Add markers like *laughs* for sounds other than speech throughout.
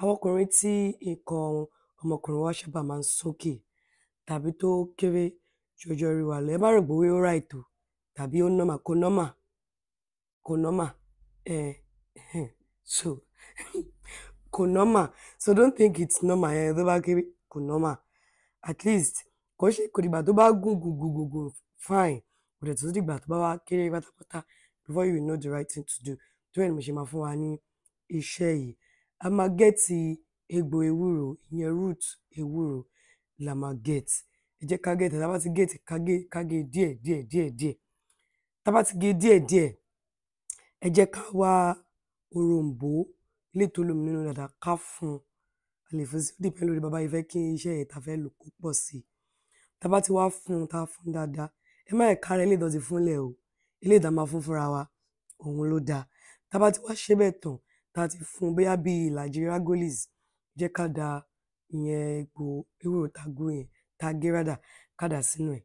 Àwọn ọkùnrin tí ìkan ọmọkùnrin wọn sábà máa ńsókè tàbí tó kéré ju ọjọ́ wa lọ ẹ má rò bóyá ó right o tàbí ó normal, kò normal, kò normal, eh, so *laughs* kò normal, so don't think it's normal um tó bá kéré, kò normal, at least kò dìgbà tó bá gùn gùn gùn gùn gùn fine, kò dẹ̀ tún dìgbà tó bá wá kéré pátápátá before you know the right thing to do, torí ẹ̀ ni mo ṣe máa fún wa ní iṣẹ́ yìí. A máa gẹ́tì egbò ewúro, ìyẹn root ewúro la máa gẹ́tì. Ẹ jẹ́ ká gẹ́tì ẹ̀, tá a bá ti gẹ́tì ẹ̀ ká gé ká gé díẹ̀ díẹ̀ díẹ̀ díẹ̀. Tá a bá ti gé díẹ̀ díẹ̀, ẹ jẹ́ ká wá òroǹbó eléyìí lómi nínú dáadáa ká fun. A lè fun sí, ó depend lórí bí a fẹ́ kí iṣẹ́ yẹn tá fẹ́ lò kó pọ̀ sí. Tá a ti wá fun tá a fun dáadáa, ẹ má jẹ̀ ká rẹ eléyìí fúnlẹ̀ o, eléyìí tá fún fúnra wa òun ló dáa. Tá ti wá ṣe bẹ́ẹ̀ tán tá a ti fún bóyá bíi ìlàjì Ragolis, jẹ́ ká da ìyẹn epo ewúro tá a gún yẹn, tá a gé rádaràda, ká dàá sínú ẹ̀.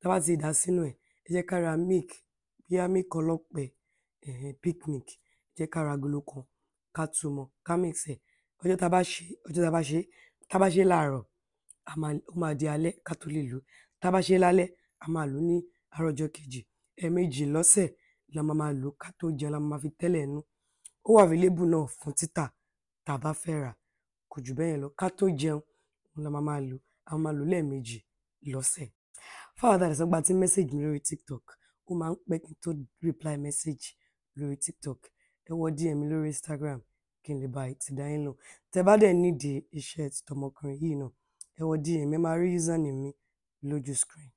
Tá a bá ti dàá sínú ẹ̀, ẹ jẹ́ ká ra milk, bóyá milk ọlọ́pẹ ẹhẹn peak milk, ẹ jẹ́ ká ra agolo kan, ká tu mọ́, ká mix ẹ̀. Ọjọ́ tá a bá ṣe ọjọ́ tá a bá ṣe tá a bá ṣe láàárọ̀, ó máa di alẹ́ ká tó lè lò ó. Tá a bá ṣe lálẹ́, a máa lò ó ní àárọ̀ ọjọ́ kejì. Ẹ̀ẹ̀mejì lọ́sẹ̀ la ma máa lò ó ká tó jẹun, la ma fi tẹ́lẹ̀ nú ó wà available náà fún títà tá a bá fẹ́ rà kò jù bẹ́yẹn lọ ká tó jẹun òun la máa máa a máa lò lẹ́ẹ̀mejì lọ́sẹ̀ fáwọn àtàlẹ̀ sọ́gbà tí mẹ́sẹ̀gì mi lórí tiktok ó máa ń pẹ́ kí n tó reply message lórí tiktok ẹ wọ dm mi lórí instagram kí n lè bá ti dá yín lò tẹ bá dẹ̀ nídìí iṣẹ́ tọmọkùnrin yìí náà ẹ wọ dm mi máa rí username mi lójú screen.